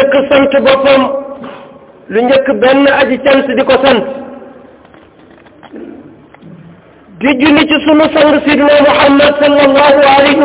njëkk sant boppam lu njëkk benn aji cant di ko sant di julli ci sunu sang sidna muhammad sallallahu alayhi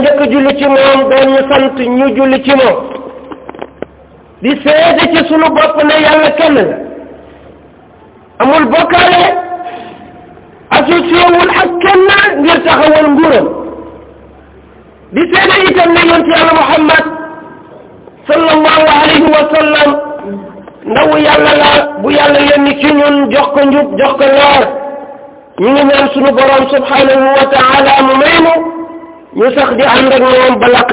njëkk julli ci moom di seede ci sunu bopp ne yàlla kenn la amul bokkaale associé wul ak kenn ngir taxawal nguuram di seede itam ne yonent yàlla Muhammad sallallahu alayhi wa sallam ndaw yàlla bu yàlla yónni ci ñun jox ko ñu ngi ñaan suñu borom wa taala mu may ñu sax di ànd ak moom ba làkk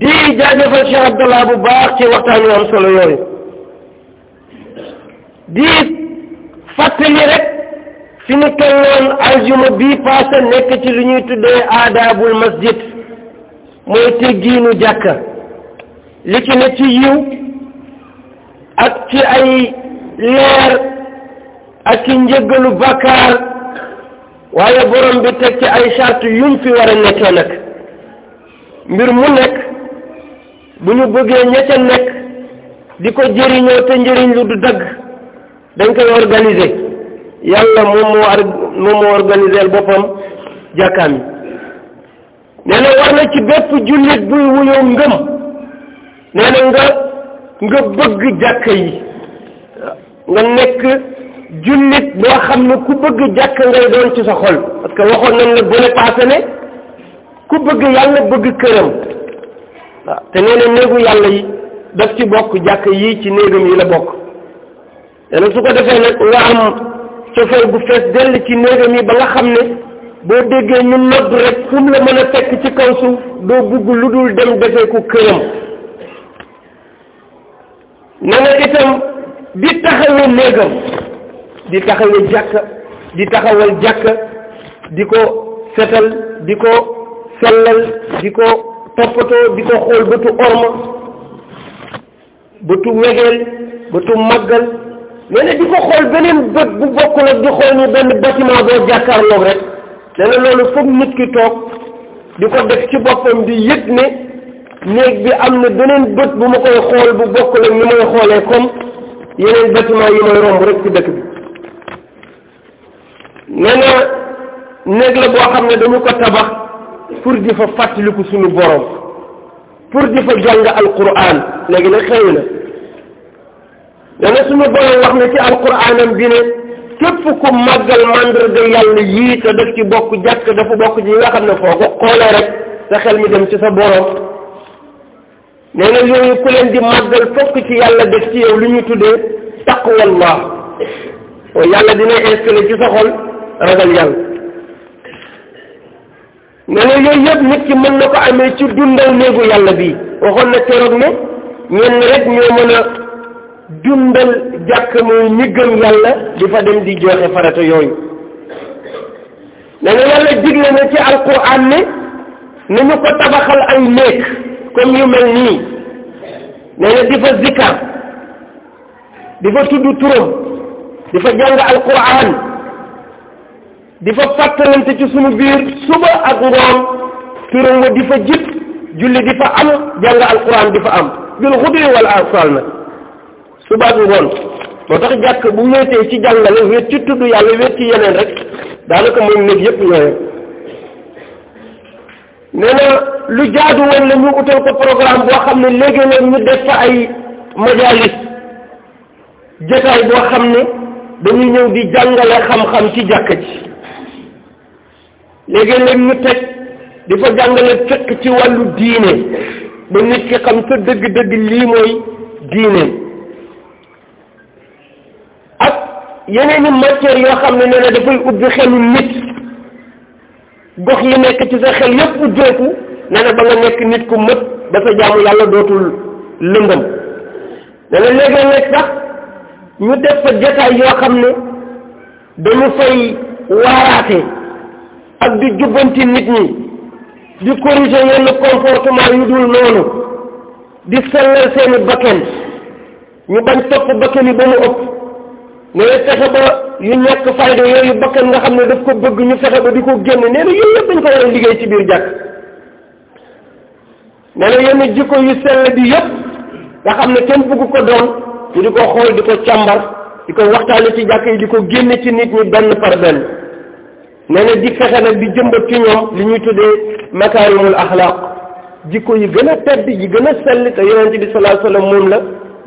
di jaajëfal Cheikh Abdallah bu baax ci waxtaan yu am di fàttali rek fi ñu tolloon aljuma bii paase nekk ci lu ñuy tuddee aadaabul masjid mooy teggiinu jàkka li ci ne ci yiw ak ci ay leer ak ci njëggalu bakkaar waaye borom bi teg ci ay charte yum fi war a nekkee nag mbir mu nekk bu ñu bëggee ña ca nekk di ko jëriñoo te njëriñ lu du dagg dañ koy organiser yàlla moom moo ar moom moo organiseel boppam jàkkaam yi nee na war na ci bépp jullit buy wuyoo ngëm nee na nga nga bëgg jàkka yi nga nekk jullit boo xam ne ku bëgg jàkk ngay doon ci sa xol parce que waxoon na la bële paase ne ku bëgg yàlla bëgg këram waaw te nee na néegu yàlla yi daf ci bokk jàkk yi ci néegam yi la bokk te nag su ko defee nga am cofeel gu fees dell ci néegam yi ba nga xam ne boo déggee ñu nodd rek fu mu la mën a fekk ci kaw suuf doo bugg lu dul dem defee ku këram na itam di taxawee néegam di taxawee jàkka di taxawal jàkka di ko setal di ko sellal di ko toppatoo di ko xool bëtu orma bëtu wegeel bëtu màggal nee na di ko xool beneen bët bu bokkul ak di xool ni benn bâtiment boo jàkkaarloog rek nee na loolu foog nit ki toog di ko def ci boppam bi yëg ne néeg bi am na beneen bët bu ma koy xool bu bokkul ak ni may xoolee comme yeneen bâtiment yi may romb rek ci dëkk bi nee na néeg la boo xam ne dañu ko tabax pour di fa fàttaliku suñu borom pour di fa jàng alquran léegi nag xëy na dana suñu borom wax ne ci alquraanam bi ne képp ku màggal mandarga yàlla yii te daf ci bokk jàkk dafa bokk ci nga xam ne foo ko rek sa xel mi dem ci sa borom nee na yooyu ku leen di màggal fokk ci yàlla def ci yow lu ñu tuddee taqwallah oo yàlla dina installé ci sa xol ragal yàlla nee yooyu yëpp nit ki mën na ko amee ci dundal néegu yàlla bi waxoon na keroog ne ñenn rek ñoo mën a dundal jàkk mooy ñi yàlla di fa dem di joxe farata yooyu nee na yàlla digle na ci alquran ne nañu ko tabaxal ay néeg comme yu mel nii nee na di fa zikkar di fa tudd turam di fa jàng alquran di fa fàttalante ci sunu biir suba ak ngoon turam wa di fa jib julli di fa am jàng alquran di fa am bil xudwi wal asal na suba ak ngoon moo tax jàkk bu wéetee ci jàngale wéet ci tudd yàlla wéet ci yeneen rek daanaka moom néeg yépp ñooyam nee na lu jaadu woon la utal ko programme boo xam ne léegi nag ñu def fa ay majalis jotaay boo xam ne dañuy ñëw di jàngale xam-xam ci jàkka ji léegi nag ñu teg di fa jàngale fekk ci wàllu diine ba nit ki xam sa dëgg-dëgg lii mooy diine yeneen i yoo xam ne nee na dafay ubbi xelu nit gox yi nekk ci sa xel yépp ubbeeku nee na ba nga nekk nit ku mët ba sa jaamu yàlla dootul lëngam nee na léeg-léeg sax ñu def fa jotaay yoo xam ne dañu fay waaraate ak di jubbanti nit ñi di corriger yenn comportement yu dul noonu di sellal seeni bakken ñu bañ topp bakken yi ba mu ëpp nee na fexe ba yu ñàkk fayda yooyu bakkan nga xam ne daf ko bëgg ñu fexe ba di ko génn nee na yëpp dañ ko war a liggéey ci biir jàkk nee na yenn jikko yu sell bi yëpp nga xam ne kenn bëgg ko doon ñu di ko xool di ko càmbar di ko waxtaane ci jàkk yi di ko génn ci nit ñi benn par benn na di fexe nag di jëmbat ci ñoom li ñuy tuddee makaarimul axlaaq jikko yi gën a tedd yi gën a sell te yonente bi sallallahu moom la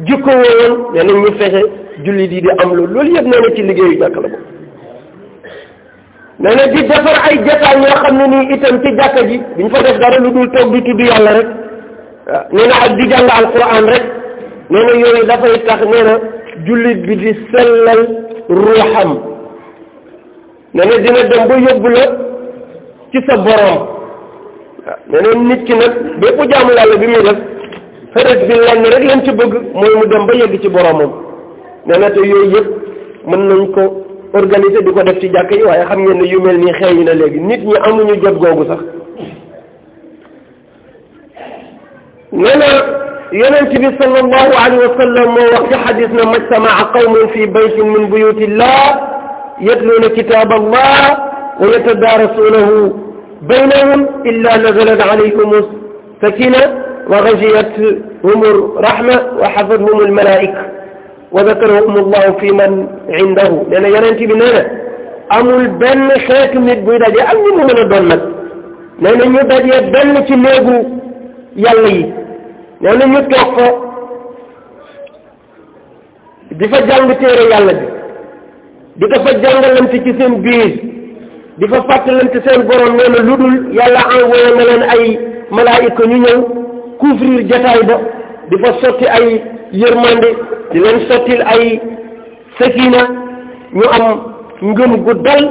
jikko woowoon nee na ñu fexe jullit yi di am loolu loolu yëpp nee ci liggéeyu jàkka la boobu nee na di defar ay jataay yoo xam ne nii itam ci jàkka ji duñ fa def dara lu dul toog di tudd yàlla rek waaw ah, nee na ak di jàng alquran rek nee na yooyu dafay tax nee na jullit bi di sellal ruuxam nee dina dem ba yóbbu la ci sa borom waaw ah, nit ki nag bépp jaamu yàlla bi muy def xërët bi lenn rek lañ ci bëgg mooy dem ba yegg ci boromam nee na te yooyu yëpp mën nañ ko organiser di ko def ci jàkk yi waaye xam ngeen ne yu mel nii xeeñu na léegi nit ñi amuñu jot googu sax nee na yonent bi sallallahu alayhi wa sallam moo wax ci xadis na majtamaa qawmun fi baytin min buyutillah yatluuna kitaab allah wa yatadaarasuunahu baynahum illa nazalat alayhum sakina wa gashiyat humur rahma wa xafadhum almalaa'ika wa zakarakum allahu fi man indahu nee na yonent bi nee na amul benn xeetu nit buy daje ak ñu mu mën a doon nag nee na ci néegu yàlla yi nee na ñu toog fa di fa jàng téere yàlla bi di ko fa jàngalante ci seen biir di fa fàttalante seen borom nee na lu dul yàlla envoyé na leen ay malaayika ñu ñëw couvrir jataay ba di fa sotti ay yërmande di leen sottil ay sakina ñu am ngëm gu dal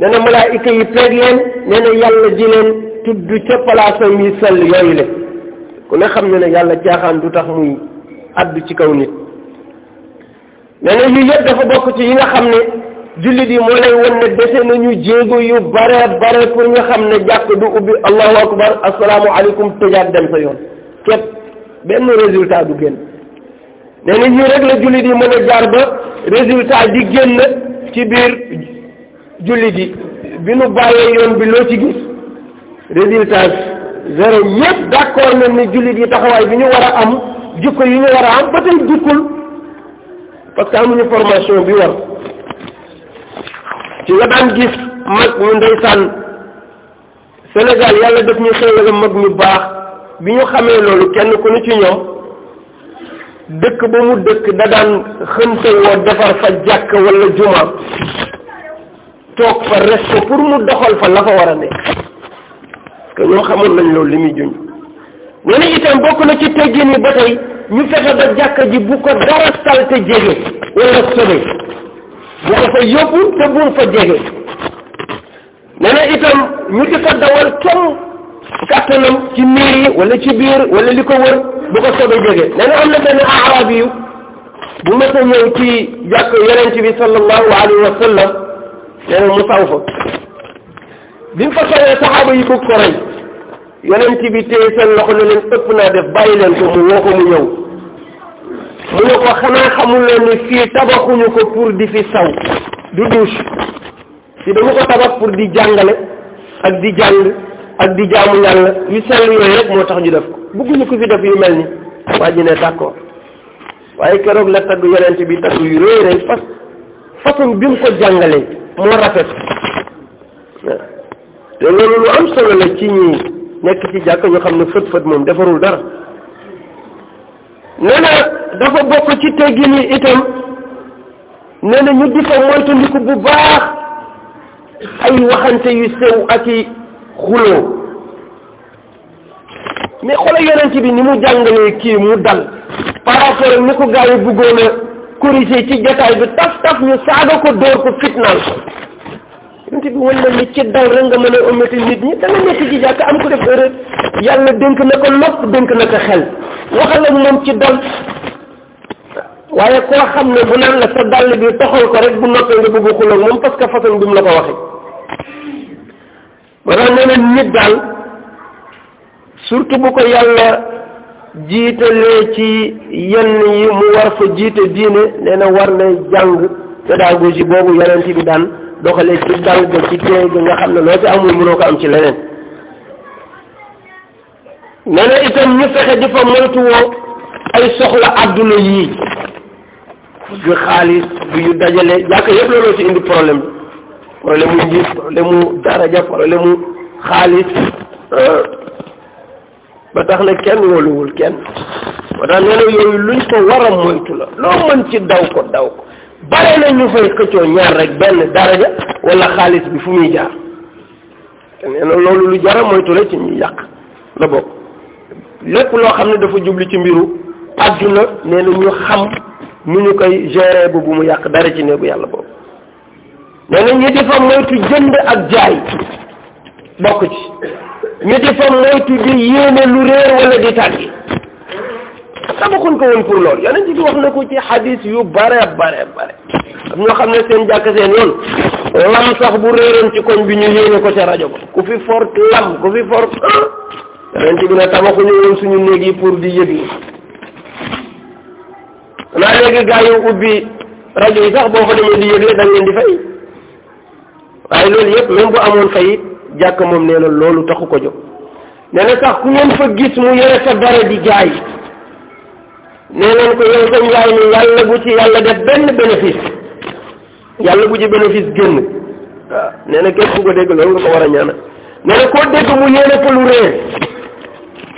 nee na malaayika yi peeg leen nee na yàlla di leen tudd ca palaasam yi sell yooyu le ku ne xam ne ne yàlla caaxaan du tax muy addu ci kaw nit nee na yii yëpp dafa bokk ci yi nga xam ne jullit yi moo lay won ne dese nañu jéego yu bare bare pour nga xam ne jàkk du ubbi allahu akbar asalaamu aleykum tëjaat dem sa yoon képp benn résultat du génn nee na yii rek la jullit yi mën a jaar ba résultat di génn ci biir jullit yi bi nu bàyyee yoon bi loo ci gis résultat zéro ñëpp d'accord nañ ni jullit yi taxawaay bi ñu war a am jikko yi ñu war a am ba tey dikkul parce amuñu formation bi war ci nga daan gis mag ñu ndeysaan Sénégal yàlla def ñu xëy la mag ñu baax bi ñu xamee loolu kenn ku ne ci ñoom dëkk ba mu dëkk da daan xënte woo defar fa jàkk wala juma toog fa reste pour mu doxal fa la fa war a nekk parce ñoom xamoon nañ loolu li muy junj na itam bokk ci teggin yi ba tey ñu fexe ba jàkka ji bu ko dara salte jege wala sobe bu ko fa yóbbu te fa jege nee itam ñu di dawal kenn kàttanam ci miir yi ci biir wala li ko wër bu ko sobe jóge nee na am na benn arab yu bu mas a ñëw ci jàkk yonent bi sallallahu alayhi wa sallam na mu saw fa bi mu fa sawee saxaaba yi ko rey yonent bi téye seen loxo ne leen ëpp naa def bàyyi leen ko mu woo ko mu ñëw mu ne ko xanaa xamul ni fii tabaxuñu ko pour di fi saw du douche si dañu ko tabax pour di jàngale ak di jàng ak di jaamu yàlla yu sell yooyu rek moo tax ñu def ko bëgguñu ku fi def yu mel ni waa ne d'accord waaye keroog la tagg yonent bi tagg yu rëy rëy fas façon bi mu ko jàngalee moo rafet te loolu lu am solo la ci ñi nekk ci jàkk ñu xam ne fët fët moom defarul dara nee na dafa bokk ci teggin yi itam nee ñu di fa bu baax ay waxante yu sew ak i xuloo mais xoolal yonent bi ni mu jàngalee kii mu dal par rapport ni ko gars yi bëggoon a ci jotaay bi taf taf ñu saaga ko dóor ko fitnaal ko bi wan na ni ci dal rek nga mën a omati nit ñi danga nekk ci jàkk am ko def erreur yàlla dënk na ko nopp dénk na ko xel waxal ak moom ci dal waaye koo xam ne bu naan la sa dàll bi toxal ko rek bu noppee nga bëgg xuloog moom parce façon bi mu la ko waxee maanaam nee na nit daal surtout bu ko yàlla jiitalee ci yenn yi mu war fa jiite diine nee war na jàng pédagogie boobu yonent bi daan doxalee ci dal ga ci teey ga nga xam ne loo ci amul mënoo ko am ci leneen nee na itam ñu fexe di fa moytuwoo ay soxla àdduna yii du xaalis du yu dajale jàkk yëpp looloo ci indi problème bi problème njiit problème mu daraja problème xaalis euh, ba tax na kenn wóoluwul kenn moo tax nee na yooyu luñ ko war a moytu la loo mën ci daw ko daw ko bare na ñu fay xëccoo ñaar rek benn daraja wala xaalis bi fu muy jaar te nee na loolu lu jara moytu la ci ñuy yàq la bokk lépp loo xam ne dafa jubli ci mbiru àdduna nee na ñu xam nu ñu koy gérer bu bu mu yàq dara ci néegu yàlla boobu nee na ñi di fa moytu jënd ak jaay bokk ci ñu di fa moytu di yéene lu réer wala di tàggi tabaxuñ ko woon pour loolu yonent bi wax na ko ci xadis yu bare bare bare am ñoo xam ne seen jàkk seen yoon lam sax bu réeroon ci koñ bi ñu yéene ko ca rajo ba ku fi fort lam ku fi fort yonent bi ne tabaxuñu woon suñu néeg yi pour di yëg yi naa léegi gaa yu ubbi rajo yi sax boo fa demee di yëgle da ngeen di fay waaye loolu yëpp même bu amoon fay jàkk moom nee na loolu taxu ko jo nee na sax ku ngeen fa gis mu yore sa dara di jaay nee nañ ko sa njaay mi yàlla bu ci yàlla def benn bénéfice yàlla bu ci bénéfice génn waaw nee na képp nga koo dégg mu yéene fa lu réer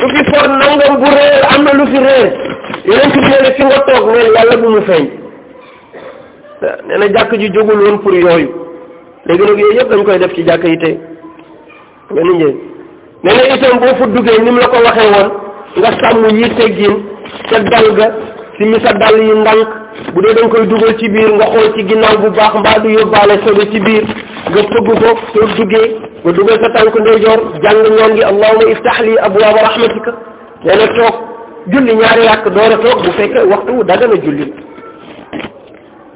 su fi for nangam bu réer am na lu fi réer yeneen ci nee na nga toog nee yàlla bu mu feeñ waaw jàkk ji jógul woon pour yooyu léegi nag yooyu yëpp dañ koy def ci jàkk yi tey benn njëriñ nee na itam boo fa duggee ni mu la ko waxee woon nga sàmm yi teggin sa dal ga si mi sa dal yi ndànk bu dee da koy dugal ci biir nga xool ci ginnaaw bu baax mbaa du yóbbaale sobe ci biir nga fëgg ko soo duggee nga dugal sa tànk ndeyjoor jàng ñaan gi allahuma iftah li abwaaba rahmatika nee na toog julli ñaari yàq door a toog bu fekkee waxtu daga na julli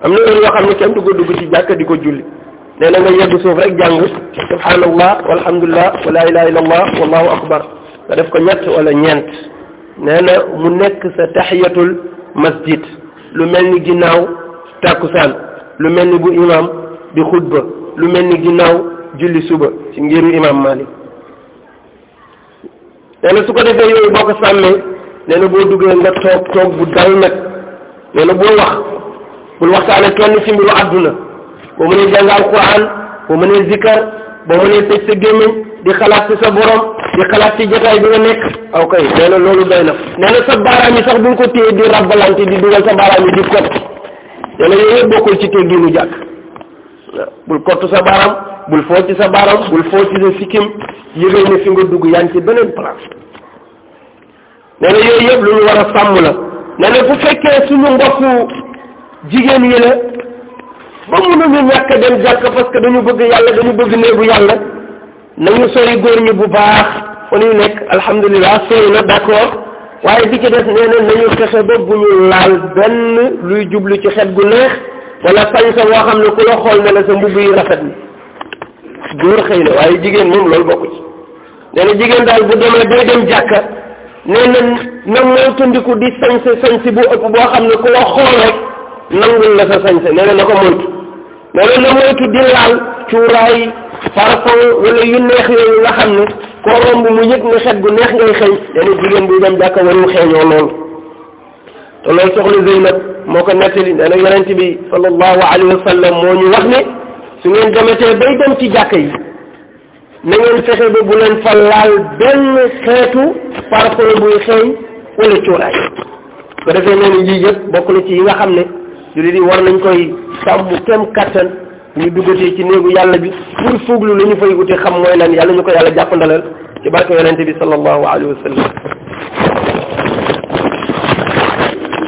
am na heure yoo xam ne kenn du dugg ci jàkka di ko julli nee na nga yegg suuf rek jàng subhanallah walhamdulillah wala ilaha illallah wallahu akbar nga def ko ñett walla ñeent nee mu nekk sa taxiyatul masjid lu mel ni ginnaaw tàkkusaan lu mel ni bu imam di xutba lu mel ni ginnaaw julli suba ci ngiru imam Malik nee su ko defee yooyu boo ko sàmmee nee boo duggee nga toog toog bu dal nag nee na wax bul waxtaane kenn ci àdduna ba mu ne jàng alquran ba mu ne zikar ba mu ne tëj sa gémmiñ di xalaat ci sa borom di xalaat ci jotaay bi nga nekk aw nee na loolu doy na nee na sa baaraam yi sax bu ko téye di rabbalante di dugal sa baaraam yi di kott nee na yooyu yëpp bokkul ci tegginu jàkk bul kott sa baaraam bul foo sa baaraam bul foo sa sikkim yëgal ne fi nga dugg yaa ngi ci beneen place nee na yooyu yëpp lu ñu war a sàmm la nee na bu fekkee suñu mbokku jigéen yi ba mënuñu ñàkk dem jàkk parce que dañu bëgg yàlla dañu bëgg néegu yàlla nañu sori góor ñi bu baax fa ñuy nekk alhamdulilah sori na d'accord waaye bi ci des nee nañu fexe ba bu ñu laal benn luy jublu ci xet gu neex wala sañ boo xam ne ku la xool ne la sa mbubb yi rafet ni góor xëy na waaye jigéen moom loolu bokku ci nee na jigéen daal bu demee day dem jàkka nee na tundiku di sañse sañsi bu ëpp boo xam ne ku la xool rek nangul la sa sañse na na loolu la moytu di laal cuuraay parfum wala yu neex yooyu nga xam ne koo romb mu yëg ne xet gu neex ngay xëy dana jigéen buy dem jàkka warul xeeñoo loolu te loolu soxla moo ko nettali nee na bi sallallahu alayhi wa moo ñu wax ne su ngeen demetee bay dem ci jàkka yi na ngeen fexe ba bu leen fa laal benn xeetu parfum buy xëy wala cuuraay bu defee nee na yii bokk na ci yi nga xam ne jullit yi war nañ koy sàmm kem kattan ñu duggatee ci néegu yàlla bi pour fuuglu lu ñu fay wute xam mooy lan yàlla ñu ko yàlla jàppandalal ci barke yonente bi sallallahu alayhi wa sallam